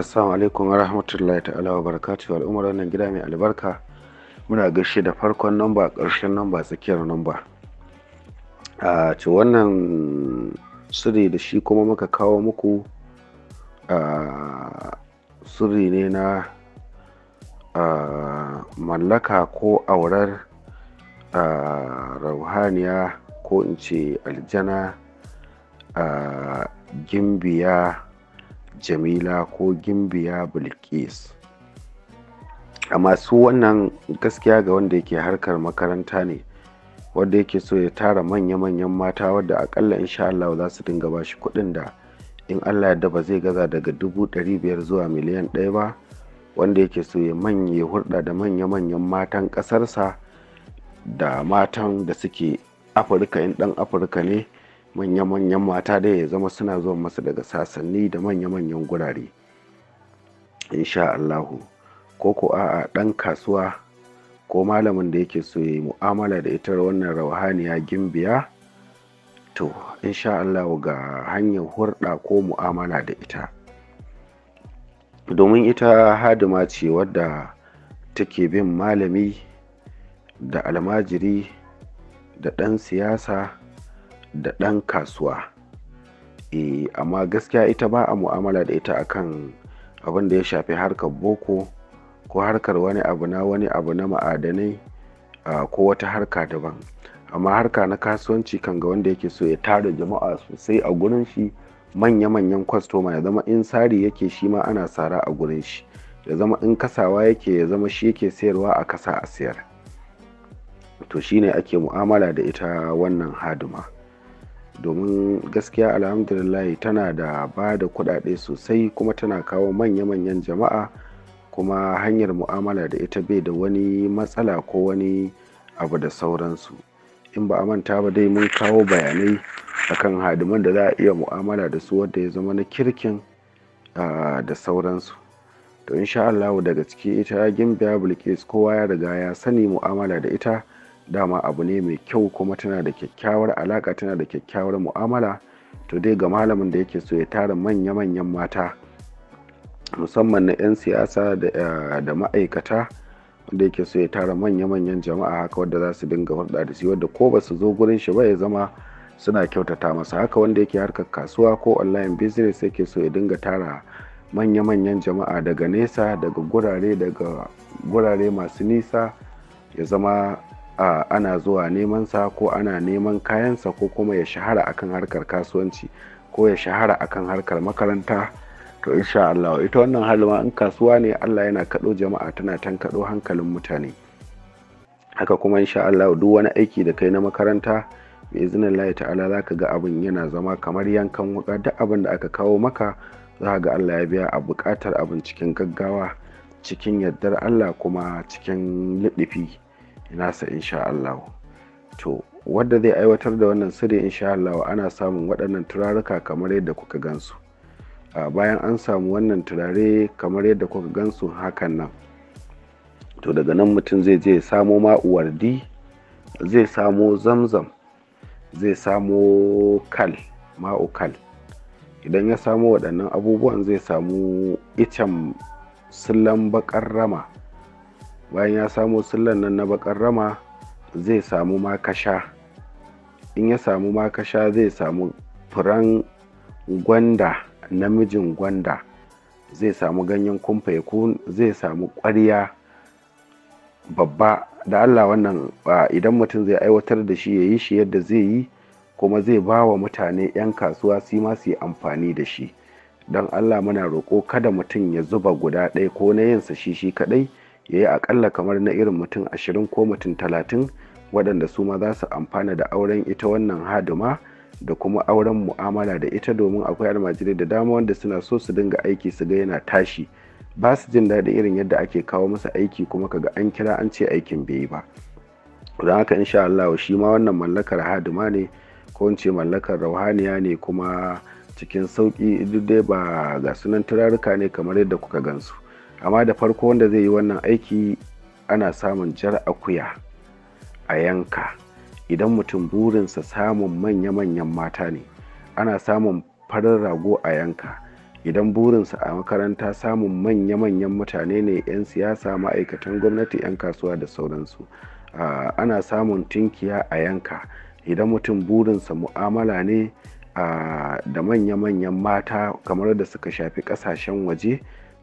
assalamu alaikum wa rahmatullahi ta'ala wa barakatuhu al'ummar wannan gida mai albarka muna gaishe da farkon namba ƙarshen namba tsakiyar namba a ce wannan sirri da shi kuma muka kawo muku a sirri ne na mallaka ko aurar a rauhaniya ko in ce aljana gimbiya jamila ko gimbiya bilkis amma su wannan gaskiya ga wanda yake harkar makaranta ne wanda yake so ya tara manya-manyan mata wadda akalla insha Allah za su dinga ba shi kuɗin da in Allah yadda ba zai gaza daga dubu ɗari biyar zuwa miliyan ɗaya ba wanda yake so ya manye hulɗa da manya-manyan matan ƙasarsa da matan da suke afirka in ɗan afirka ne manya-manyan mata da ya zama suna zuwa masa daga sasanni da manya-manyan gurare insha Allahu ko ko a'a ɗan kasuwa ko malamin da yake so ya yi mu'amala da ita wannan rauhaniya gimbiya to insha Allahu ga hanyar hurɗa ko mu'amala da ita domin ita hadima ce wadda take bin malami da almajiri da ɗan siyasa da ɗan kasuwa e, amma gaskiya ita ba a mu'amala da ita akan abin da ya shafi harkar boko ko harkar wani abu na wani abu na ma'adanai ko wata harka daban amma harka na kasuwanci kan ga wanda yake so ya tara jama'a sosai a gurin shi manya-manyan kwastoma ya zama in sari yake shi ma ana sara a gurin shi ya zama in kasawa yake ya zama shi yake sayarwa a kasa a sayar to shine ake mu'amala da ita wannan haduma. domin gaskiya alhamdulillah tana da ba da kudade sosai kuma tana kawo manya-manyan jama'a kuma hanyar mu'amala da ita bai da wani matsala ko wani abu da sauransu in ba a manta ba dai mun kawo bayanai akan hadiman da za a iya mu'amala da su wadda ya zama na kirkin da sauransu to insha Allah daga ciki ita gimbiya bilkis kowa ya riga ya sani mu'amala da ita dama abu ne mai kyau kuma tana da kyakkyawar alaka tana da kyakkyawar mu'amala to dai ga malamin da yake so ya tara manya-manyan mata musamman na 'yan siyasa eh, da ma'aikata wanda yake so ya tara manya-manyan jama'a haka wadda za su dinga hulɗa da shi wadda ko ba su zo gurin shi ba ya zama suna kyautata masa haka wanda yake harkar kasuwa ko online business yake so ya dinga tara manya-manyan jama'a daga nesa daga gurare daga gurare masu nisa ya zama ana zuwa neman sa ko ana neman kayansa ko kuma ya shahara akan harkar kasuwanci ko ya shahara akan harkar makaranta to insha Allah ita wannan halima in kasuwa ne Allah yana kaɗo jama'a tana tan tankaɗo hankalin mutane haka kuma insha Allah duk wani aiki da kai na makaranta mai izinin Allah ta'ala za ka ga abin yana zama kamar yankan wuka duk abin da aka kawo maka za ga Allah ya biya a buƙatar abin cikin gaggawa cikin yardar Allah kuma cikin liɗifi. nasa insha Allah to wadda zai aiwatar da wannan sirri insha Allah ana samun waɗannan turaruka kamar yadda kuka gansu ah, bayan an samu wannan turare kamar yadda kuka gansu hakan nan to daga nan mutum zai je samo ma'uwardi zai samo zamzam zai samo kal ma'u kal idan ya samo waɗannan abubuwan zai samu icen sullan baƙar rama bayan ya samu sillan nan na bakar rama zai samu makasha in ya samu makasha zai samu furen gwanda namijin gwanda zai samu ganyen kumfa ya zai samu ƙwarya babba da allah wannan idan mutum zai aiwatar da shi ya yi shi yadda zai yi kuma zai ba wa mutane 'yan kasuwa su ma su yi amfani da shi don allah muna roƙo kada mutum ya zuba guda ɗaya ko na yinsa shi shi kaɗai ya yi akalla kamar na irin mutum ashirin ko mutum talatin waɗanda su ma za su amfana da auren ita wannan haduma da kuma auren mu'amala da ita domin akwai almajirai da dama wanda suna so su dinga aiki su ga yana tashi ba su jin daɗin irin yadda ake kawo masa aiki kuma kaga an kira an ce aikin bai yi ba don haka insha Allah shi ma wannan mallakar haduma ne ko in ce mallakar rauhaniya ne kuma cikin sauki duk dai ba ga sunan turaruka ne kamar yadda kuka gansu amma da farko wanda zai yi wannan aiki ana samun jar akuya a yanka idan mutum burinsa samun manya-manyan mata ne ana samun farin rago a yanka idan burinsa a makaranta samun manya-manyan mutane ne 'yan siyasa ma'aikatan gwamnati 'yan kasuwa da sauransu ana samun tinkiya a yanka idan mutum burinsa mu'amala ne da manya-manyan mata kamar da suka shafi kasashen waje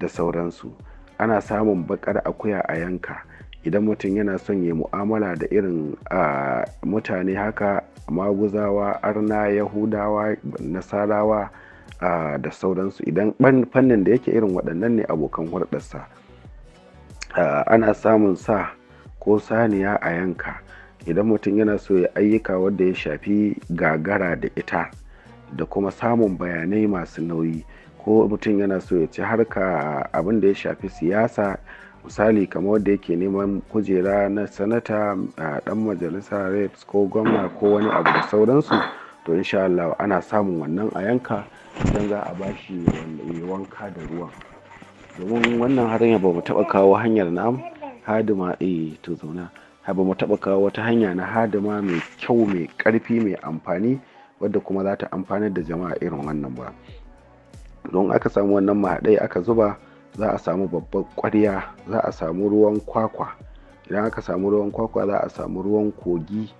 da sauransu ana samun bakar akuya a yanka idan mutum yana son ya mu'amala da irin mutane haka maguzawa arna yahudawa nasarawa da sauransu idan fannin da yake irin waɗannan ne abokan hulɗarsa ana samun sa ko saniya a yanka idan mutum yana so ya ayyuka wadda ya shafi gagara da ita da kuma samun bayanai masu nauyi ko mutum yana so ya ci harka abin da ya shafi siyasa misali kamar wanda yake neman kujera na sanata a dan majalisa reps ko gwamna ko wani abu da sauransu to insha Allah ana samun wannan a yanka idan za a bashi wanka da ruwan domin wannan harin ba mu taba kawo hanyar na hadima eh to zauna ba mu taba kawo wata hanya na hadima mai kyau mai karfi mai amfani wadda kuma za ta amfanar da jama'a irin wannan ba don aka samu wannan mahaɗai aka zuba za a samu babban ƙwarya za a samu ruwan kwakwa idan aka samu ruwan kwakwa za a samu ruwan kogi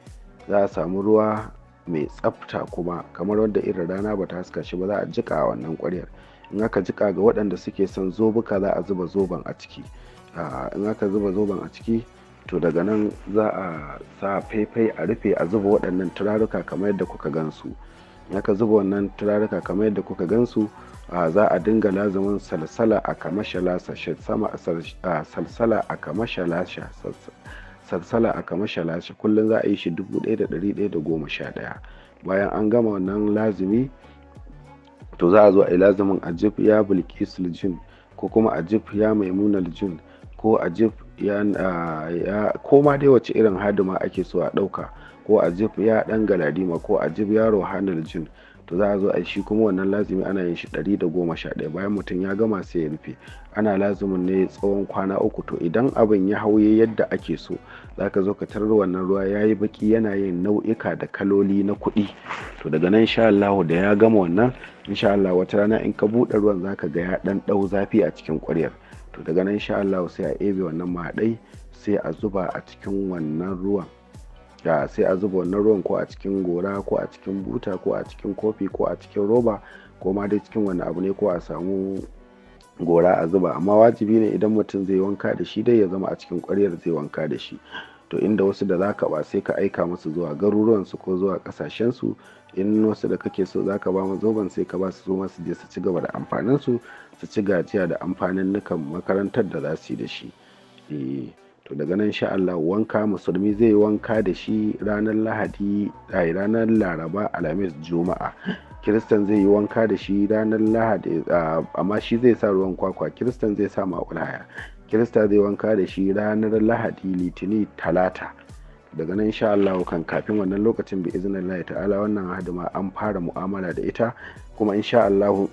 za a samu ruwa mai tsafta kuma kamar wanda irin rana ba ta haska shi ba za a jika a wannan ƙwaryar in aka jika ga waɗanda suke son zobuka za a zuba zoben a ciki ah, in aka zuba zoben a ciki to daga nan za a sa faifai a rufe a zuba waɗannan turaruka kamar yadda kuka gansu in aka zuba wannan turaruka kamar yadda kuka gansu za a dinga lazumin salsala a kullum salsala a shi salsala a da kullum za a yi shi ɗaya bayan an gama wannan lazumi to za a zo a yi lazumin ajib ya bilkis jin ko kuma ajib ya maimuna jin ko ajib ya ma dai wace irin hadima ake so a ɗauka ko ajib ya ɗan galadima ko ajib ya rohanal jin to za a zo a shi kuma wannan lazumi ana yin shi ɗari da goma sha ɗaya bayan mutum ya gama sai ya rufe ana lazumin ne tsawon kwana uku to idan abin ya hauye yadda ake so za ka zo ka tarar wannan ruwa ya yi baki yana yin nau'ika da kaloli na kuɗi to daga nan insha Allah da ya gama wannan insha Allah wata rana in ka buɗe ruwan za ka ga ya ɗan ɗau zafi a cikin ƙwaryar to daga nan insha Allah sai a ebe wannan mahaɗai sai a zuba a cikin wannan ruwan da sai a zuba wannan ruwan ko a cikin gora ko a cikin buta ko a cikin kofi ko a cikin roba ko ma dai cikin wani abu ne ko a samu gora a zuba amma wajibi ne idan mutum zai wanka da shi dai ya zama a cikin ƙwaryar zai wanka da shi to inda wasu da zaka ba sai ka aika musu zuwa garuruwansu ko zuwa kasashen su in wasu da kake so zaka ba zoben sai ka ba su zo su je su ci gaba da amfaninsu su ci gajiya da amfanin nukan makarantar da za su yi da shi eh. to daga nan sha Allah wanka musulmi zai wanka da shi ranar lahadi a ranar laraba alhamis juma'a kiristan zai yi wanka da shi ranar lahadi amma shi zai sa ruwan kwakwa kiristan zai sa makulaya kirista zai wanka da shi ranar lahadi litini talata daga nan sha Allah kan kafin wannan lokacin bi izinin Allah ta'ala wannan hadima an fara mu'amala da ita kuma insha Allah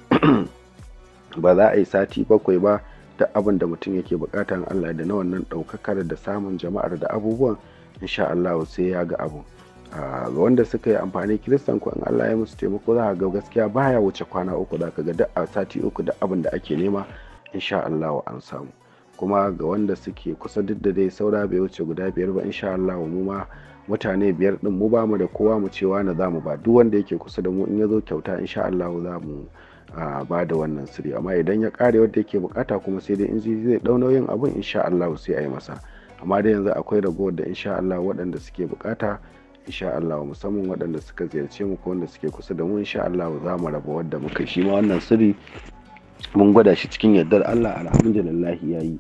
ba za a yi sati bakwai ba da abin da mutum yake bukata Allah da na wannan ɗaukakar da samun jama'ar da abubuwan insha Allah sai ya ga abu ga wanda suka yi amfani kiristan ko in Allah ya musu taimako za ga gaskiya baya wuce kwana uku za ka ga duk a sati uku da abin da ake nema insha Allah an samu kuma ga wanda suke kusa duk da dai saura bai wuce guda biyar ba insha Allah mu ma mutane biyar din mu bamu da kowa mu cewa na zamu ba duk wanda yake kusa da mu in ya zo kyauta insha Allah za mu a ba da wannan sirri amma idan ya kare wanda yake bukata kuma sai dai in zai dau nauyin abun insha Allah sai a yi masa amma da yanzu akwai ragowar da insha Allah waɗanda suke bukata insha Allah musamman waɗanda suka ziyarce mu ko wanda suke kusa da mu insha Allah za mu raba wanda muka shi ma wannan sirri mun gwada shi cikin yardar Allah alhamdulillah yayi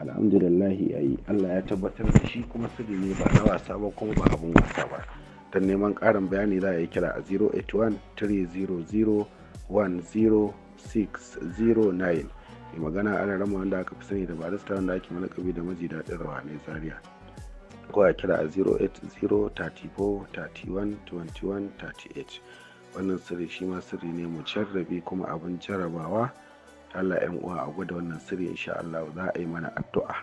alhamdulillah yayi Allah ya tabbatar da shi kuma sirri ne ba na wasa ba kuma ba abun wasa ba dan neman karin bayani za a yi kira a 081 300 0609 mai magana ana rama wanda aka fi sani da barista wanda ake malakabi da maji daɗin rawa ne zaria ko a kira a 08034312138 wannan sirri shi ma sirri ne mu jarrabi kuma abin jarrabawa Allah yan uwa a gwada wannan sirri insha Allah za a yi mana addu'a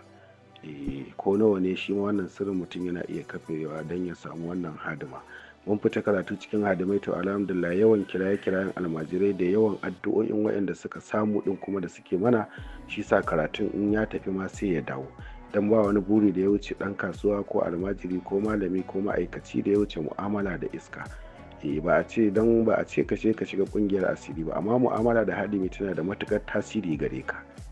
eh, ko nawa ne shi ma wannan sirrin mutum yana iya kafewa don ya samu wannan hadima mun fita karatu cikin hadimai to alhamdulillah yawan kiraye-kirayen almajirai da yawan addu'o'in waɗanda suka samu ɗin kuma da suke mana shi sa karatun in ya tafi ma sai ya dawo dan ba wani buri da ya wuce ɗan kasuwa ko almajiri ko malami ko ma'aikaci da ya wuce mu'amala da iska e ba a ce don ba a ce ka ka shiga kungiyar asiri ba amma mu'amala da hadimi tana da matukar tasiri gare ka